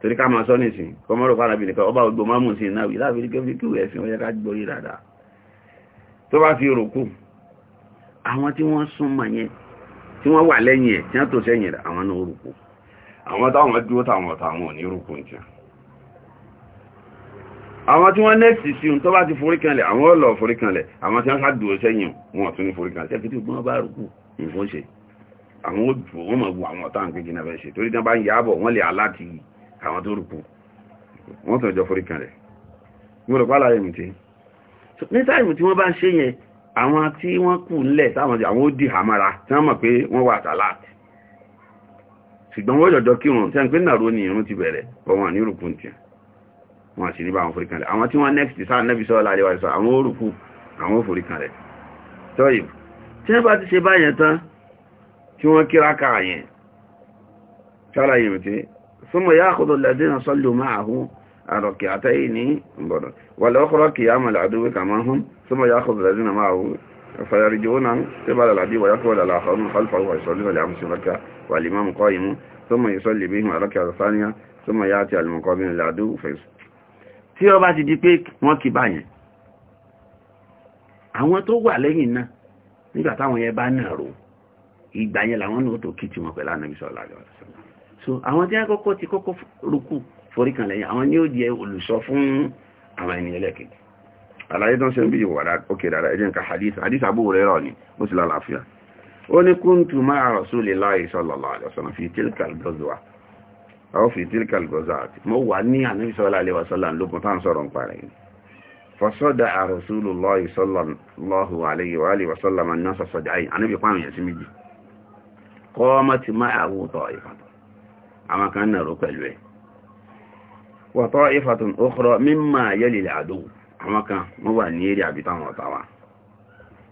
torí ká máa sọ nìsìn kọmọ́rọ̀ fara bí nìkan ọba ògbò mámù sí ìnáwì láàfin kí kí ẹ̀sìn ọyẹ́ ká gbórí dáadáa tó bá fi rùkú àwọn tí wọ́n súnmọ́ yẹn tí wọ́n wà lẹ́yìn ẹ̀ tí wọ́n tó sẹ́yìn rẹ̀ àwọn náà rùkú àwọn táwọn dúró táwọn ọ̀tàwọn ò ní rùkú ní tiẹ̀ àwọn tí wọ́n nẹ́ẹ̀sì sí tó bá ti forí kanlẹ̀ àwọn ọlọ̀ forí kanlẹ̀ àwọn tí wọ́n ká dúró sẹ́yìn wọn tún ní forí kanlẹ̀ tẹ́kítì gbọ́n bá rùkú nǹkan ṣe àwọn ó dùn wọ́n mọ̀ wọ àwọn ọ̀tá nǹkan jìnnà fẹ́ ṣe torí tí wọ́n bá ń yáàbọ̀ wọ́n lè aláàtì yìí àwọn tó rùkú wọ́n tàn jọ forí kan rẹ̀ gbọ́dọ̀ pàlà ẹ̀mì tí ní táìmù tí wọ́n bá ń ṣe yẹn àwọn tí wọ́n kù ńlẹ̀ táwọn àwọn ó dì hàmára tí wọ́n mọ̀ pé wọ́n wà sàláàtì ṣùgbọ́n wọ́n jọjọ kírun tí a ń pè nàró ní irun ti bẹ̀rẹ̀ bọ́ wọn ní rùkú tí wọ́n sì ní bá àwọn forí yẹn ṣáláyé mi tí ثم يأخذ الذين صلوا معه ركعتين والأخرى قيام العدو كما هم ثم يأخذ الذين معه فيرجعون قبل العدو ويقول الآخرون خلفه ويصلون لأمس ركعة والإمام قائم ثم يصلي بهم الركعة الثانية ثم يأتي المقابل العدو فيصلي tí ó bá ti di pé wọ́n kì bá yẹn àwọn tó wà lẹ́yìn náà nígbà táwọn yẹn bá nàró ìgbà yẹn làwọn náà tó kí tí wọn pẹ̀lú ànábì sallallahu alaihi wasallam so àwọn tí wọ́n kọ́kọ́ ti kọ́kọ́ rúkú foríkan lẹ́yìn àwọn ni ó jẹ́ olùsọ fún àwọn ènìyàn lẹ́kẹ̀ẹ́ àlàyé tó ń ṣe ń bí yìí wà ókè dára ẹjẹ́ nǹkan hadith hadith Abu Hurairah ni ó sì lálàáfíà ó ní kuntu ma'a Rasulillahi sallallahu alaihi wasallam fi tilkal ghazwa aw fi tilkal ghazwat mo wà ní ànábì sallallahu alaihi wasallam lókun tá à ń sọ̀rọ̀ ń parẹ́ yìí fasọ́dà Rasulullahi sallallahu alaihi àwọn kan nàró pẹ̀lú ẹ̀ wọ̀tọ́ ifatun okoro mímọ̀ yẹ́lìlẹ̀ àdó àwọn kan wọ́n wà ní èrè àbí táwọn ọ̀tá wa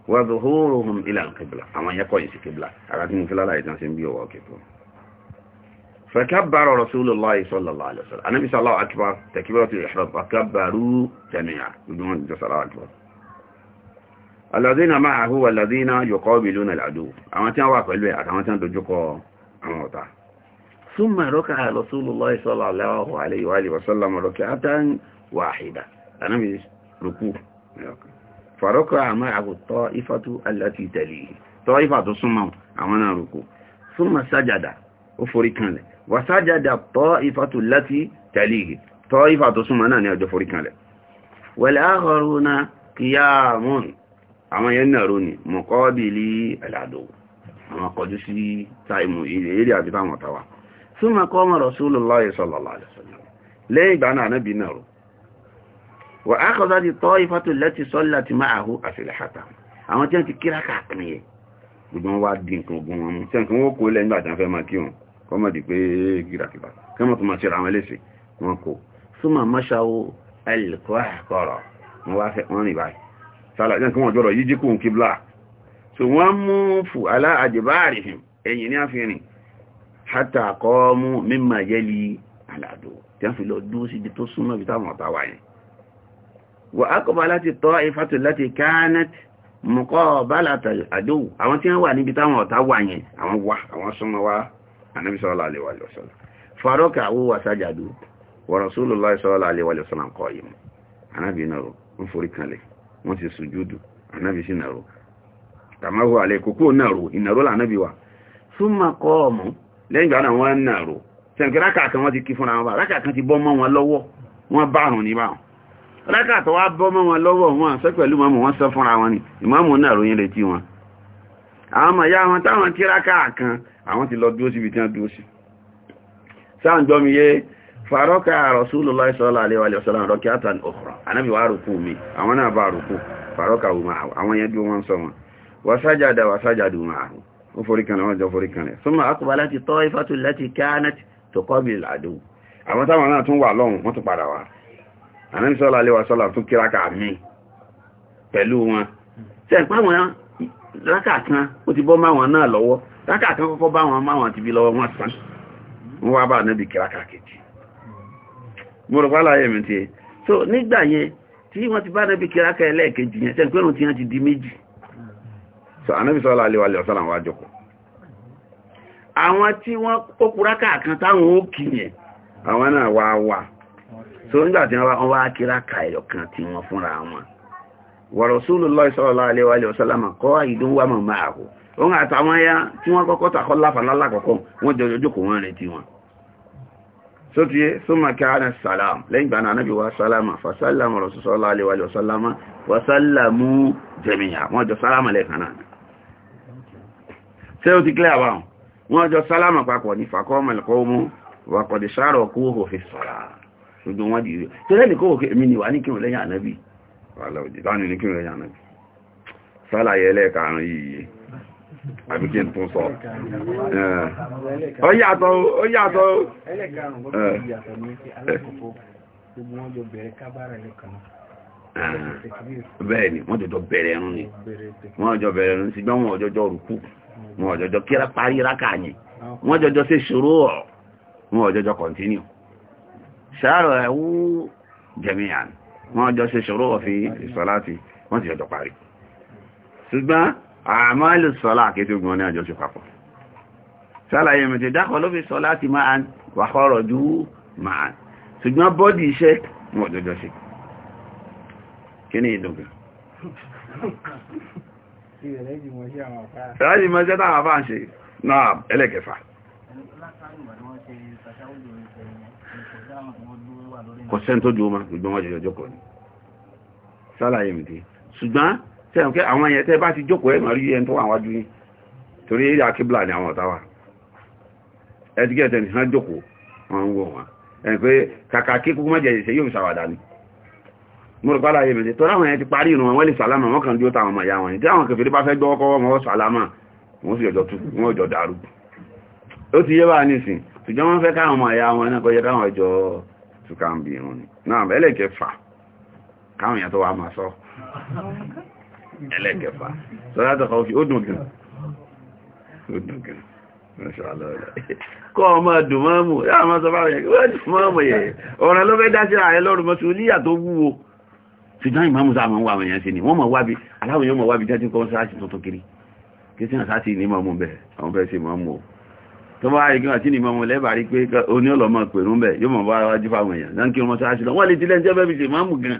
wọ́n tó hóró hun ilà ń àwọn yẹ́kọ̀ yìí sí kébìlà ara tí mo fi sí bí ọwọ́ kébìlà فكبر رسول الله صلى الله عليه وسلم النبي صلى الله عليه أكبر تكبيرة الإحرام فكبروا جميعا بدون جسر أكبر الذين معه والذين يقابلون العدو أما تنوى قلبي أما تنوى دجوكو أما ثم ركع رسول الله صلى الله عليه وآله وسلم ركعة واحدة أنا مش ركوع فركع معه الطائفة التي تليه طائفة ثم عمنا ركوع ثم سجد وفريقان له وسجد الطائفة التي تليه طائفة ثم أنا نرجو فريقان له والآخرون قيام أما ينروني مقابلي العدو أما قدسي تايمو إلي أبي تايمو تاوام súnmọ́ kọ́mọ̀ Rasulullah sallallahu alaihi wasallam lẹ́yìn ìgbà náà náà bí náà rò wà á kọ́ sáti tọ́ ìfàtò lẹ́ti sọ́lá ti máa hù àṣìlẹ̀ hàtà àwọn tí wọ́n ti kíra káàkiri yẹ gbogbo wọn wá di nǹkan ogun wọn mú tí wọ́n kó lẹ́yìn ìgbà tí wọ́n fẹ́ máa kí wọn kọ́mọ̀ di pé wọ́n rìn báyìí sálà jẹ́ kí wọ́n jọrọ̀ yíjí kùn kíblà so wọ́n mú fù alá àjẹbáàrì ẹ̀yìn ní àfihàn hátà kọ́ọ́mú mímà yẹ́lì àlàdò ti a fi lọ dúró síbi tó súnmọ́ ibi táwọn ọ̀tá wà yẹn wà láti tọ́ ìfàtò láti kánẹ́t mọ̀kọ́ bálàtà àdó àwọn tí wọ́n wà níbi táwọn ọ̀tá wà àwọn àwọn súnmọ́ wá wa farọ́kà owó wà wa sallam qaim Ànábì náà ń forí kanlẹ̀ wọ́n ti sùjúdù sí wa lẹ́yìn ìgbà náà wọ́n ń nàró sẹ̀ǹkì rákà kan wọ́n ti kí fúnra wọn bá rákà kan ti bọ́ mọ́ wọn lọ́wọ́ wọ́n bárùn ní báwọn rákà wá bọ́ mọ́ wọn lọ́wọ́ wọn sọ pẹ̀lú mọ́mù wọn sọ fúnra wọn ni ìmọ́mù nàró yín létí wọn àwọn ọmọ ìyá wọn táwọn kí rákà kan àwọn ti lọ dúró síbi tí wọ́n dúró sí sáà ń gbọ́ mi yé farọ́kà Rasulullahi sallallahu alaihi wa sallam rak'atan ó forí kan àwọn ìjọ forí kan rẹ̀ súnmọ́ àkùbá láti tọ́ ifátù láti káánà tó kọ́bí ìlàdó àwọn táwọn náà tún wà lọ́hùn wọ́n tún padà wá ànábì sallallahu alaihi wasallam tún kí rákà mí pẹ̀lú wọn ṣe ń pàwọn rákà kan ó ti bọ́ máwọn náà lọ́wọ́ rákà kan kọ́kọ́ bá wọn máwọn ti bí lọ́wọ́ wọn sàn wọ́n wá tí wọ́n ti bá ànábì kí rákà ẹlẹ́ẹ̀kejì yẹn ń pẹ́rùn tí wọ́n ti di méjì anábì sọ́lá alẹ́ wàlẹ̀ ọ̀sán àwọn àjọkọ̀ àwọn tí wọ́n kókùrá kàkan táwọn ó kì àwọn náà wá wà so nígbà tí wọ́n wá kíra ka ẹ̀yọ̀ kan tí wọ́n fúnra wọn wa Rasulullahi sallallahu alaihi wa sallam qa'idun wa man ma'ahu òun so tiye summa kana salam lẹ́yìn gbà náà wa sálámà fa sálámà Rasulullahi sallallahu alaihi wa sallam sallamu jami'a wọ́n jọ sálámà lẹ́ẹ̀kan ṣé ó ti clear àbáhùn wọ́n jọ sálámà papọ̀ ní fàkọ́ọ̀mọ̀ ẹ̀kọ́ mú wàkọ̀dé sáàrọ̀ kú òhò fi sọ̀rọ̀ gbogbo wọn dìde tó lẹ́nu kó òkè mi nìwà ní kírun lẹ́yìn ànábì wàhálà òjì láwọn ní kírun lẹ́yìn ànábì sálàyé ẹlẹ́ẹ̀karùn yìí àbí kí n tún sọ ó yàtọ̀ ó yàtọ̀ ẹlẹ́ẹ̀karùn gbọ́dọ̀ yàtọ̀ ní alákòókò gbogbo wọn jọ bẹ̀rẹ̀ kábàrà ẹlẹ́ẹ̀kan bẹ́ẹ̀ ni wọ́n jọjọ bẹ̀rẹ̀ ẹ̀rún ni wọ́n jọ bẹ̀rẹ̀ ẹ̀rún sí gbọ́n wọn rùkú wọn ọ̀jọ̀jọ́ kíra parí rákà yẹn wọ́n jọjọ́ sí ṣòro ọ̀ wọn ọ̀jọ̀jọ́ continue ṣàárọ̀ ẹ̀wú jẹ̀míyàn wọ́n jọ sí ṣòro ọ̀ fi ìsọ̀láti wọ́n ti jọjọ́ parí ṣùgbọ́n àmàlù sọ́lá àkété ogun ní àjọṣe papọ̀ ṣàlàyé mi ti dákọ̀ ló fi sọ́lá ti máa ń wàkọ́rọ̀ ju ìrẹ́jì mọ́ṣẹ́ táwọn àfá ń ṣe náà ẹlẹ́kẹfà kò sẹ́n tó dúró ma gbogbo wọn jẹjọ jókòó ni sálàyé mìtí ṣùgbọ́n tẹ́yàn kẹ́ àwọn ẹ̀yẹ tẹ́ bá ti jókòó ẹ̀mọ̀ rí ẹn tó wà wájú yín torí eré akíblà ni àwọn ọ̀tá wa ẹ̀dígẹ́tẹ̀ nìkan jókòó wọn ń wọ̀ wọn ẹ̀ pé kàkà kí kúkú mọ́jẹ̀ ìṣẹ́ yóò ṣàwàdà ni mọ̀rọ̀pálá yẹ mẹ́jẹ̀ tọ́lá wọn yẹn ti parí ìrùn wọn lè sàlámà wọn kàn dúró táwọn màyà wọn tí àwọn kẹfẹ́rẹ́ bá fẹ́ gbọ́ ọkọ́ wọn sàlámà wọn sì ọjọ́ tún wọn ọjọ́ dàrú ó ti yé bá nísìn ṣùgbọ́n wọn fẹ́ káwọn màyà wọn náà kọjá káwọn ọjọ́ tukàn bí irun ni náà ẹlẹ́kẹfà káwọn yẹn tó wà máa sọ ẹlẹ́kẹfà sọlá tó kọ́ fi ó dùn gan ó dùn gan kọ́ ọmọ dùn mọ́mù yáà máa sọ fáwọn yẹn kí wọ́n dùn mọ́mù yẹn ọ̀ràn ló fẹ́ dá sí ààrẹ lọ́rùn mọ́tò níyà tó wúwo ṣùgbọ́n ìmáàmù sáà máa àwọn èèyàn sí ni wọ́n mọ̀ wábi aláwọ̀ yóò mọ̀ wábi jẹ́ tí kọ́ sáàsì tuntun kiri kí tí wọ́n sáàsì ní mọ̀mú bẹ̀ àwọn fẹ́ ṣe mọ̀mú o tó bá rí kí wọ́n sí ní mọ̀mú lẹ́bàá rí pé oní ọlọ́mọ pẹ̀lú bẹ̀ yóò mọ̀ bá wájú fáwọn èèyàn náà kí wọ́n sáàsì lọ wọ́n lè tilẹ̀ ń jẹ́ bẹ́ẹ̀ fi ṣe mọ̀mú gan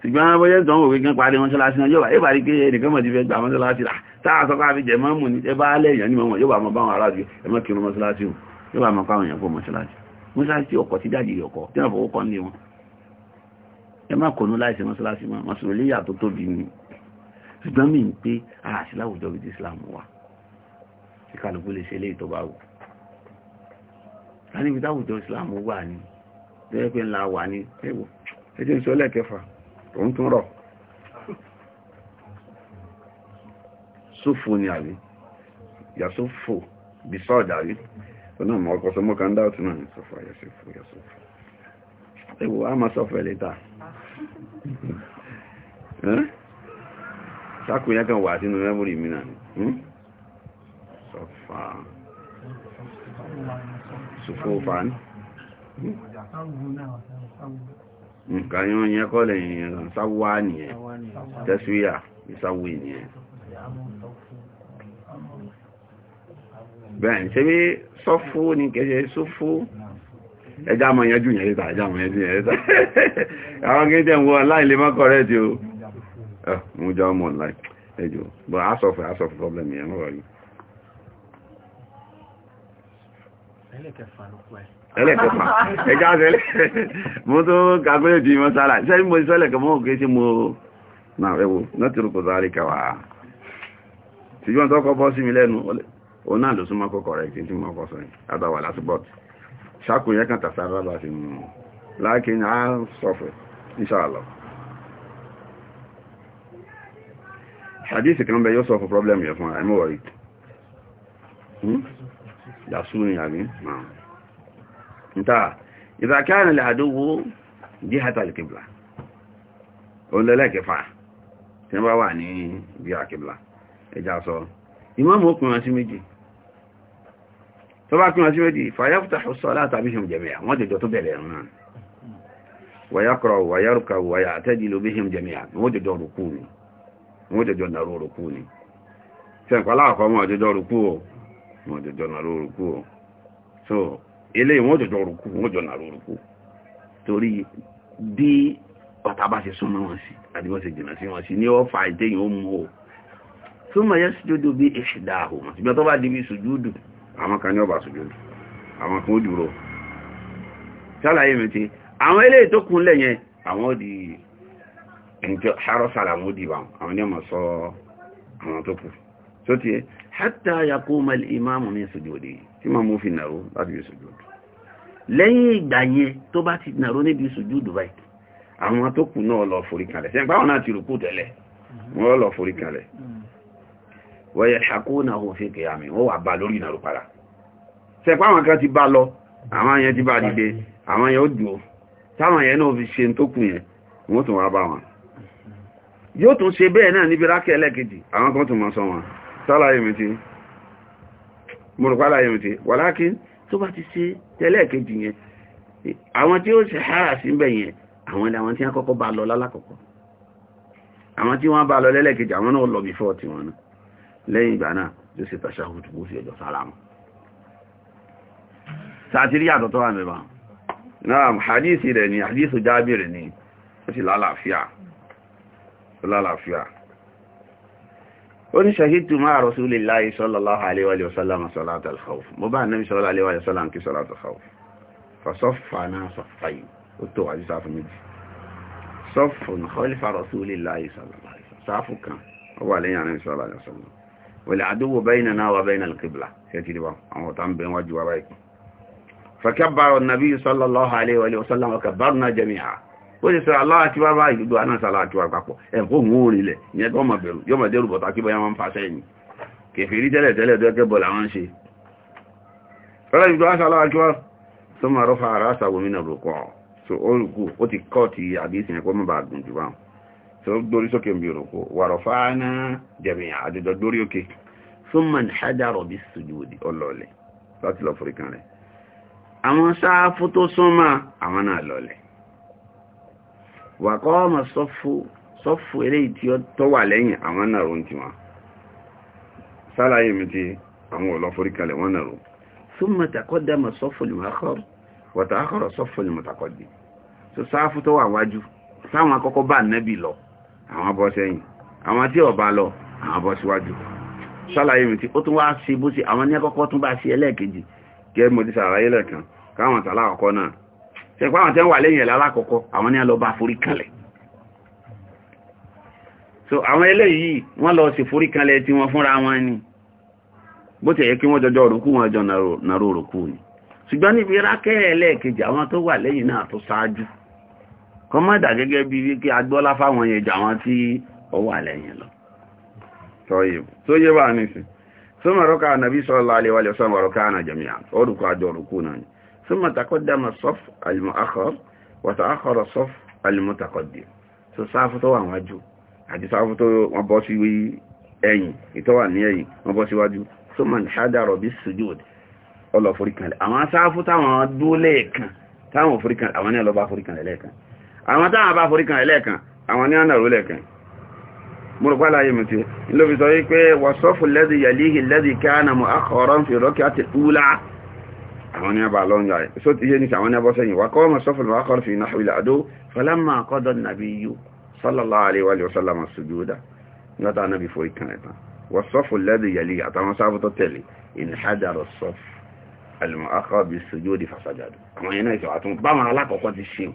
ṣùgbọ́n bóyá tó ń wòwe gan parí wọn ṣọláṣí náà yóò bá ìbárí pé ẹnìkan mọ̀ ti fẹ́ gbà wọn ṣọláṣí ẹ má kọ̀nú láìsí mọ́sálásí mọ́ mọ́sálásí tó tóbi ni ṣùgbọ́n mi ń pé àṣì láwùjọ bíi Islam wà tí kálukú lè ṣe lé ìtọ́ bá wù láti ibi táwùjọ Islam wà ní tẹ́lẹ̀ pé ńlá wà ní ẹ̀wọ̀ ẹjẹ́ ń sọ lẹ́ẹ̀kẹfà òun tún rọ̀ sófò ni àrí yàsófò bí sọ́ọ̀dà rí onáà ọkọ̀ sọmọ́kà ń dáàtún náà ní sọ́fà yàsófò yàsófò ẹwọ a máa sọ́fẹ́ lẹ́ta sákòyá kan wà sínú mẹ́bùrì mìíràn hm? sọ́fà sọ́fà ní nǹkan hm, yóò yẹ kọ́ lẹ́yìn sáwọ́ nìyẹn tẹ́síwíyà ìsáwọ́ nìyẹn bẹ́ẹ̀ ṣe bí sọ́fó ní kẹsẹ̀ sọ́fó ẹjá mọ̀ yanjú yẹn lẹ́ta ẹjá mọ̀ yanjú yẹn lẹ́ta àwọn kí n tẹ́ ń wọ láìlè mọ́ kọ̀rẹ́tì o mú jọ ọmọ láì ẹjọ́ but asọ̀fẹ́ asọ̀fẹ́ problem yẹn wọ́n rí ẹlẹ́kẹfà ẹjá sẹ́lẹ̀ mo tó kàgbélé di wọn sára ṣe mo sẹ́lẹ̀ mọ́ òkè tí mo náà ẹwọ náà tí rúkọ sáré kẹwà ṣùgbọ́n tó kọ́ bọ́ sí mi lẹ́nu òun náà ló súnmọ́ kọ́kọ́ rẹ̀ kí n tí mo kọ́ ṣákò yẹ kan tàṣàrà bá fi mú láàkín a ń sọfẹ̀ inṣàlọ́ hadith kan bẹ yóò sọ fún problem yẹ fún àìmọ́ wọ̀rí yàsú ni àbí nta ìzàkíyàn lè àdúgbò jíhàtà lè kìbìlà olẹ́lẹ́kẹfà tí wọ́n tó bá pín wọn sí méjì fàyàfùtà ọ̀sọ́ látàbí ṣe jẹ̀mìyà wọ́n jẹjọ tó bẹ̀rẹ̀ ẹ̀rùn náà wàyákọ̀rọ̀ wàyárùkà wàyà bí ṣe jẹ̀mìyà wọ́n jẹjọ ni rùkú o wọ́n so jọ nàró rùkú torí bí ọ̀tá bá ṣe súnmọ́ wọn sí àti wọ́n ṣe jìnà sí wọn sí ní fa ìtẹ́yìn ó mú o súnmọ́ yẹn sùjúdù bí ìṣìdá àhùmọ̀ ṣùgbọ́n tó bá sùjúdù àwọn kan ní ọba sùjúdù àwọn kan ó dúró ṣàlàyé mi ti àwọn eléyìí tó kúnlẹ̀ yẹn àwọn ó di ẹnjọ́ harọ́sàlà àwọn ó di ìbàmù àwọn ní ọmọ sọ àwọn tó kù tó ti hátà yakó mẹ́lì ìmáàmù ní sùjúdù tí máa mú fi nàró láti fi sùjúdù lẹ́yìn ìgbà yẹn tó bá ti nàró níbi sùjúdù báyìí àwọn tó kù náà lọ forí kalẹ̀ sẹ́yìn pàwọn náà ti rùkú tẹ́lẹ̀ wọ́n lọ forí kalẹ̀ wọ́yẹ̀ ṣàkóònà òfin kìyàmì wọ́n wà bá lórí ìnàrò padà sẹ́pá àwọn kan ti bá lọ àwọn yẹn ti bá dìde àwọn yẹn ó dùn táwọn yẹn náà fi ṣe tó kù yẹn wọ́n tún wá bá wọn yóò tún ṣe bẹ́ẹ̀ náà níbi rákẹ́ ẹlẹ́kejì àwọn kan tún mọ́ sọ wọn sálàyé mi ti mọ̀rùpálàyé mi ti wàlákí tó bá ti ṣe tẹ́lẹ́kejì yẹn àwọn àwọn tí wọ́n bá lọ lẹ́lẹ́kejì àwọn náà lọ bí fọ́ọ̀tì wọn náà lẹ́yìn ìgbà náà ló ṣe tàṣàhùd bó ṣe ọjọ́ sálámù sàtírí àtọ́tọ́ wà mẹ́bàá náà hadisi rẹ̀ ni hadisi jábìrì ni ó sì lálàáfíà lálàáfíà ó ní ṣahidtu ma'a rasulillahi sallallahu alaihi wa sallam salata al-khawf mo bá annabi sallallahu alaihi wa sallam kí salata al-khawf fa saffana saffayn ó tó wà ní sáfù méjì saffun khalfa rasulillahi sallallahu alaihi wa sallam sáfù kan ó wà lẹ́yìn annabi sallallahu wal aduwwu baynana wa bayna al-qibla ṣẹ́tì rí wa àwọn ọ̀tá ń bẹ wájú wa báyìí fakabbara an-nabi sallallahu alayhi wa sallam wa kabbarna jami'a ó ti sọ Allahu akbar bá ìlú àná sàlá àti wà papọ̀ ẹ̀ kó ń wó rinlẹ̀ ìyẹn tó mọ̀ bẹ̀rù yóò mọ̀ dẹ́rù bọ̀tà kí bọ́yá wọn fa sẹ́yìn kẹfìrí tẹ́lẹ̀ tẹ́lẹ̀ tó ẹkẹ́ bọ̀ làwọn ń ṣe fẹ́rẹ̀ ìlú àṣà Allahu akbar tó máa rọ́fà ara àṣà gómìnà rò kọ́ so ó rùkú ó ti kọ́ ti àdéhìsìn ẹ̀kọ́ mọ́ bá gùn jù báwọn tó dórí sókè ń bí rúkú wàrọ̀fà náà jẹ̀mí àdìdọ̀ dórí òkè súnmọ̀ ní hajjarọ̀ bí sùjúdì ọlọ́ọ̀lẹ̀ láti lọ forí kan rẹ̀ àwọn sáfù tó súnmọ́ àwọn náà lọ́ọ̀lẹ̀ wàkọ́ ọmọ sọ́fù eléyìí tí ó tó wà lẹ́yìn àwọn náà rò ń tiwọn sálàyé mi ti àwọn ọ̀lọ́ forí kalẹ̀ wọ́n náà rò ثم تقدم الصف المؤخر وتأخر الصف المتقدم so sáfù tó wà wájú sáwọn akọ́kọ́ bá nẹ́bì lọ àwọn bọ́ sẹ́yìn àwọn tí ọba lọ àwọn bọ́ síwájú sálàyé mi tí ó tún wá sí bú sí àwọn ní ẹkọ́kọ́ tún bá sí ẹlẹ́ẹ̀kejì jẹ́ ti sàlàyé lẹ́ẹ̀kan káwọn tàlá àkọ́kọ́ náà ṣe pé àwọn tẹ́ ń wà lẹ́yìn ẹ̀lá alákọ̀ọ́kọ́ àwọn ní forí kalẹ̀ so àwọn eléyìí lọ sí forí kalẹ̀ tí wọ́n wọn ni bó ti kí wọ́n jọjọ́ òrùkú wọn jọ nàró ni ṣùgbọ́n níbi rákẹ́ ẹlẹ́ẹ̀kejì àwọn tó wà lẹ́yìn náà tó ṣáájú kọ́ mọ́ ìdà gẹ́gẹ́ bí wípé agbọ́lá fáwọn yẹn jà wọn tí ó wà lẹ́yìn lọ tó yé wà nísìn tó mọ̀ rọ́kà nàbí sallallahu alaihi wa sallam rọ́kà ànà jẹ̀míà orúkọ àjọ orúkú náà ni tó mọ̀ takọ́dàmà sọ́f al-mu'akhkhar wa ta'akhkhara sọ́f al-mutaqaddim tó sáfù tó wà wájú àti sáfù tó wọ́n bọ́ sí ẹ̀yìn ìtọ́wà ní ẹ̀yìn wọ́n àwọn táwọn bá forí kan ẹlẹ́ẹ̀kan àwọn ní ọ̀nà rólẹ̀ kan múrùpá láyé mú tí ló fi sọ wípé wọ́sọ́fù lẹ́dì yàlíhì lẹ́dì káàna mú akọ̀ọ̀rọ̀ fi rọ́kì àti púlá àwọn ní ọba lọ́nà rẹ̀ só ti yé ní àwọn ní ọbọ̀ sẹ́yìn wákọ́ wọ́sọ́fù lọ́kọ̀ọ̀rọ̀ fi náà ilẹ̀ àdó falamma qada an-nabiyyu sallallahu alaihi wa sallam as-sujuda nígbàtà náà bí forí kan ẹ̀tàn wọ́sọ́fù lẹ́dì yàlíhì àtàwọn sábútọ́ tẹ̀lé in hajara sọ́fù al-mu'akhkhar bis-sujudi fasajadu àwọn yẹn náà ìṣọ̀ àtúnbáwọn alákọ̀ọ́kọ́ ti ṣeun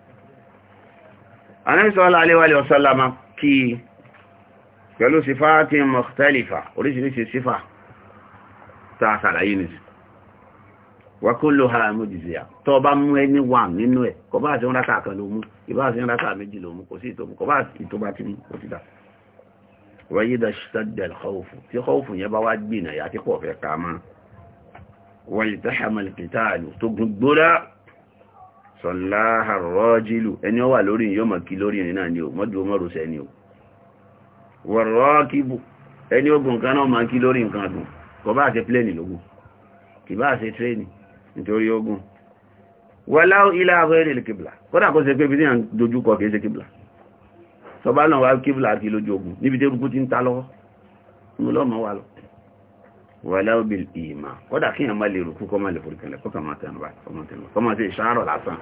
anẹ́sọ́lá aléwàlẹ̀ ọ̀sọ́lámá kí pẹ̀lú sífà tí mọ̀tẹ́lifà oríṣiríṣi sífà tàà sàlàyé nìsí wà kó ló hara mú jìzì à tọ́ bá mú ẹni wà nínú ẹ̀ kọ bá sí ńráka kan ló mú ìbá sí ńráka méjì ló mú kò sí ìtòmù kọ bá ìtòmù sọ̀láhà rọ́jìlù ẹni ó wà lórí yóò mọ̀ kí lórí ìrìn náà ni ó mọ́jú ó mọ́rù sẹ́ni ó wọ̀rọ̀ kíbù ẹni ogun kan náà mọ̀ kí lórí nǹkan gùn kò bá ṣe pléènì lógún kì bá ṣe tréènì nítorí ogun wọlá ilá abẹ́rẹ́ kíbla kódà kó ṣe pé bí wàláwò bí ìmà kọ́dà kí èèyàn má lè rùkú kọ́ má lè forí kanlẹ̀ kọ́kà má tẹnu báyìí kọ́ má tẹnu báyìí kọ́ má sí ìṣàárọ̀ lásán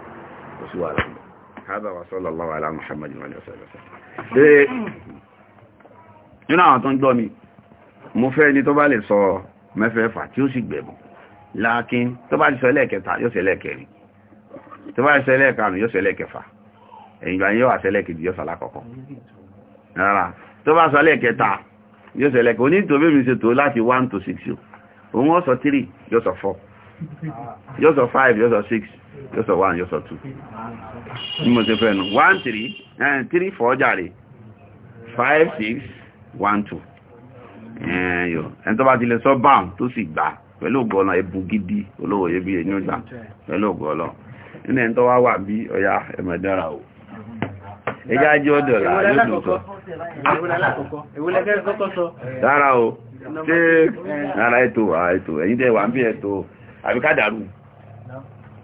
kò sí wàhálà mọ́ hádà wa sọ́lọ́ lọ́wọ́ alá muhammadu wa alẹ́ sọ́lọ́ sọ́lọ́ nínú àwọn tó ń gbọ́ mi mo fẹ́ ni tó bá lè sọ mẹ́fẹ̀ẹ́fà tí ó sì gbẹ̀bùn lákín tó bá lè sọ ẹlẹ́ẹ̀kẹta yóò ṣe ẹlẹ́ẹ̀kẹrin tó bá lè sọ ẹlẹ́ẹ̀karùn yóò ṣe ẹlẹ́ẹ̀kẹfà ẹ̀yìn gbà yóò àṣẹ ẹlẹ́ẹ̀kejì yóò sọ alákọ̀ọ́kọ́ rárá tó bá sọ ẹlẹ́ẹ̀kẹta yóò ṣẹlẹ̀ kò ní ìtòbí mi ṣe tó láti 1 to 6 yóò òun ó sọ 3 yóò sọ 4 yóò sọ 5 yóò sọ 6 yóò sọ 1 yóò sọ 2 ní mo ṣe fẹ́ nu 1 3 3 4 jàre 5 6 1 2 ẹ̀yọ̀ ẹni tó bá ti lè sọ báun tó sì gbà pẹ̀lú ògbọ́nà ẹ̀bùn gidi olówó yẹbi ẹni ó gbà pẹ̀lú ògbọ́nà nínú ẹni tó wá wà bí ọya ẹ̀mẹ̀dára o ẹjá jẹ́ ọ̀dọ̀ láàrín òtò rárá o ṣe rárá ètò àìtò ẹ̀yìn tẹ́ wà ń bí ètò àbíkádàrú